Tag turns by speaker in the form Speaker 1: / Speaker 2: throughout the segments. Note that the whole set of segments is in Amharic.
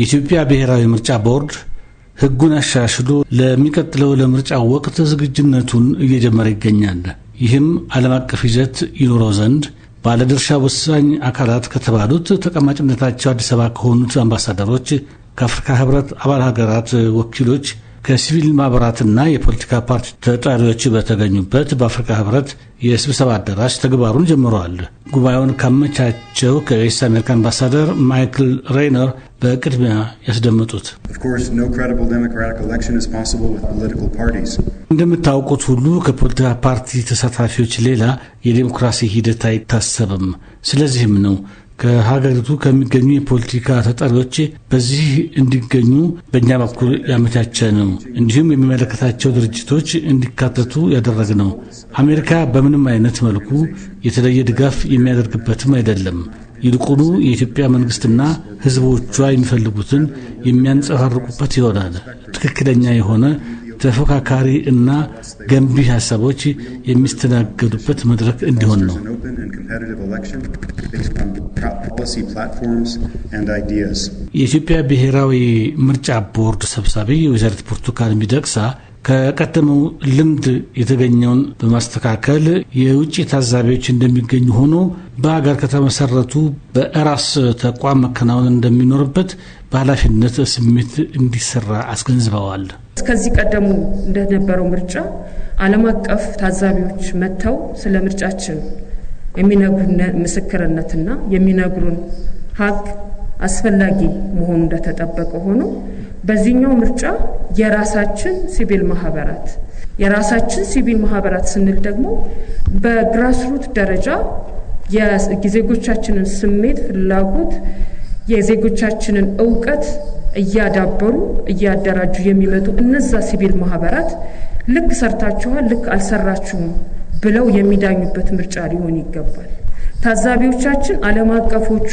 Speaker 1: የኢትዮጵያ ብሔራዊ ምርጫ ቦርድ ሕጉን አሻሽሎ ለሚቀጥለው ለምርጫ ወቅት ዝግጅነቱን እየጀመረ ይገኛል። ይህም ዓለም አቀፍ ይዘት ይኖረው ዘንድ ባለድርሻ ወሳኝ አካላት ከተባሉት ተቀማጭነታቸው አዲስ አበባ ከሆኑት አምባሳደሮች፣ ከአፍሪካ ህብረት አባል ሀገራት ወኪሎች ከሲቪል ማህበራትና የፖለቲካ ፓርቲ ተጠሪዎች በተገኙበት በአፍሪካ ህብረት የስብሰባ አዳራሽ ተግባሩን ጀምረዋል። ጉባኤውን ካመቻቸው ከዩኤስ አሜሪካ አምባሳደር ማይክል ሬይነር በቅድሚያ ያስደመጡት እንደምታውቁት ሁሉ ከፖለቲካ ፓርቲ ተሳታፊዎች ሌላ የዴሞክራሲ ሂደት አይታሰብም። ስለዚህም ነው ከሀገሪቱ ከሚገኙ የፖለቲካ ተጠሪዎች በዚህ እንዲገኙ በእኛ በኩል ያመቻቸ ነው። እንዲሁም የሚመለከታቸው ድርጅቶች እንዲካተቱ ያደረግ ነው። አሜሪካ በምንም አይነት መልኩ የተለየ ድጋፍ የሚያደርግበትም አይደለም። ይልቁኑ የኢትዮጵያ መንግስትና ህዝቦቿ የሚፈልጉትን የሚያንጸባርቁበት ይሆናል። ትክክለኛ የሆነ ተፎካካሪ እና ገንቢ ሀሳቦች የሚስተናገዱበት መድረክ እንዲሆን ነው። የኢትዮጵያ ብሔራዊ ምርጫ ቦርድ ሰብሳቢ ወይዘሪት ብርቱካን ሚደቅሳ ከቀደመው ልምድ የተገኘውን በማስተካከል የውጭ ታዛቢዎች እንደሚገኙ ሆኖ በሀገር ከተመሰረቱ በራስ ተቋም መከናወን እንደሚኖርበት በኃላፊነት ስሜት እንዲሰራ አስገንዝበዋል።
Speaker 2: ከዚህ ቀደሙ እንደነበረው ምርጫ ዓለም አቀፍ ታዛቢዎች መጥተው ስለ ምርጫችን የሚነግሩን ምስክርነትና የሚነግሩን ሀቅ አስፈላጊ መሆኑ እንደተጠበቀ ሆኖ በዚህኛው ምርጫ የራሳችን ሲቪል ማህበራት የራሳችን ሲቪል ማህበራት ስንል ደግሞ በግራስሩት ደረጃ የዜጎቻችንን ስሜት ፍላጎት የዜጎቻችንን እውቀት እያዳበሩ እያደራጁ የሚመጡ እነዛ ሲቪል ማህበራት ልክ ሰርታችኋል፣ ልክ አልሰራችሁም ብለው የሚዳኙበት ምርጫ ሊሆን ይገባል። ታዛቢዎቻችን ዓለም አቀፎቹ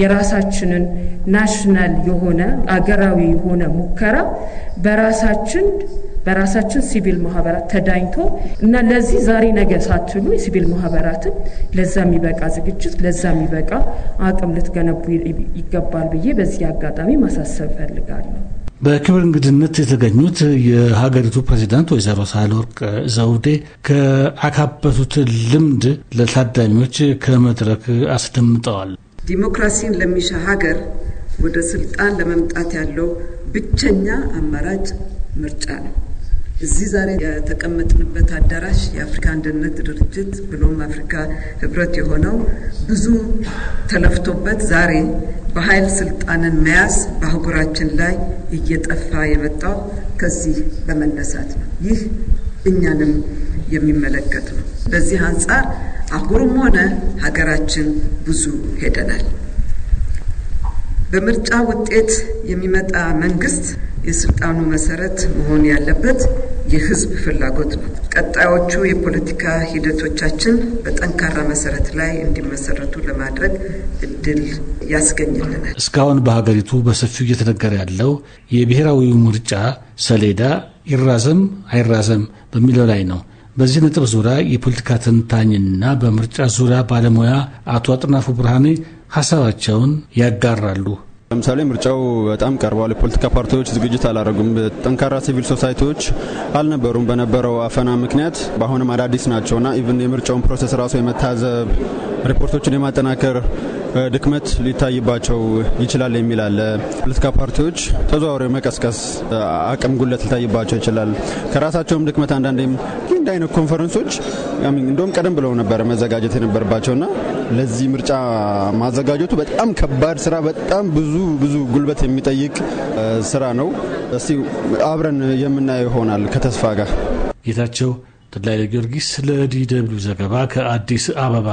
Speaker 2: የራሳችንን ናሽናል የሆነ አገራዊ የሆነ ሙከራ በራሳችን በራሳችን ሲቪል ማህበራት ተዳኝቶ እና ለዚህ ዛሬ ነገ ሳትሉ የሲቪል ማህበራትን ለዛ የሚበቃ ዝግጅት ለዛ የሚበቃ አቅም ልትገነቡ ይገባል ብዬ በዚህ አጋጣሚ ማሳሰብ ፈልጋለሁ።
Speaker 1: በክብር እንግድነት የተገኙት የሀገሪቱ ፕሬዚዳንት ወይዘሮ ሳህለወርቅ ዘውዴ ከአካበቱት ልምድ ለታዳሚዎች ከመድረክ አስደምጠዋል።
Speaker 3: ዲሞክራሲን ለሚሻ ሀገር ወደ ስልጣን ለመምጣት ያለው ብቸኛ አማራጭ ምርጫ ነው። እዚህ ዛሬ የተቀመጥንበት አዳራሽ የአፍሪካ አንድነት ድርጅት ብሎም አፍሪካ ህብረት የሆነው ብዙ ተለፍቶበት ዛሬ በኃይል ስልጣንን መያዝ በአህጉራችን ላይ እየጠፋ የመጣው ከዚህ በመነሳት ነው። ይህ እኛንም የሚመለከት ነው። በዚህ አንጻር አህጉሩም ሆነ ሀገራችን ብዙ ሄደናል። በምርጫ ውጤት የሚመጣ መንግስት የስልጣኑ መሰረት መሆን ያለበት የህዝብ ፍላጎት ነው። ቀጣዮቹ የፖለቲካ ሂደቶቻችን በጠንካራ መሰረት ላይ እንዲመሰረቱ ለማድረግ እድል ያስገኝልናል።
Speaker 1: እስካሁን በሀገሪቱ በሰፊው እየተነገረ ያለው የብሔራዊ ምርጫ ሰሌዳ ይራዘም አይራዘም በሚለው ላይ ነው። በዚህ ነጥብ ዙሪያ የፖለቲካ ተንታኝና በምርጫ ዙሪያ ባለሙያ አቶ አጥናፉ ብርሃኔ ሀሳባቸውን ያጋራሉ።
Speaker 4: ለምሳሌ ምርጫው በጣም ቀርቧል። የፖለቲካ ፓርቲዎች ዝግጅት አላደረጉም። ጠንካራ ሲቪል ሶሳይቲዎች አልነበሩም። በነበረው አፈና ምክንያት በአሁንም አዳዲስ ናቸው ናቸውና ኢቭን የምርጫውን ፕሮሰስ ራሱ የመታዘብ ሪፖርቶችን የማጠናከር ድክመት ሊታይባቸው ይችላል የሚል አለ። ፖለቲካ ፓርቲዎች ተዘዋውሮ መቀስቀስ አቅም ጉለት ሊታይባቸው ይችላል። ከራሳቸውም ድክመት አንዳንዴም እንደ አይነት ኮንፈረንሶች እንደውም ቀደም ብለው ነበር መዘጋጀት የነበረባቸውና ለዚህ ምርጫ ማዘጋጀቱ በጣም ከባድ ስራ፣ በጣም ብዙ ብዙ ጉልበት የሚጠይቅ ስራ ነው። እስቲ አብረን የምናየው ይሆናል ከተስፋ ጋር ጌታቸው ተድላይ ለጊዮርጊስ ለዲ ደብልዩ ዘገባ ከአዲስ አበባ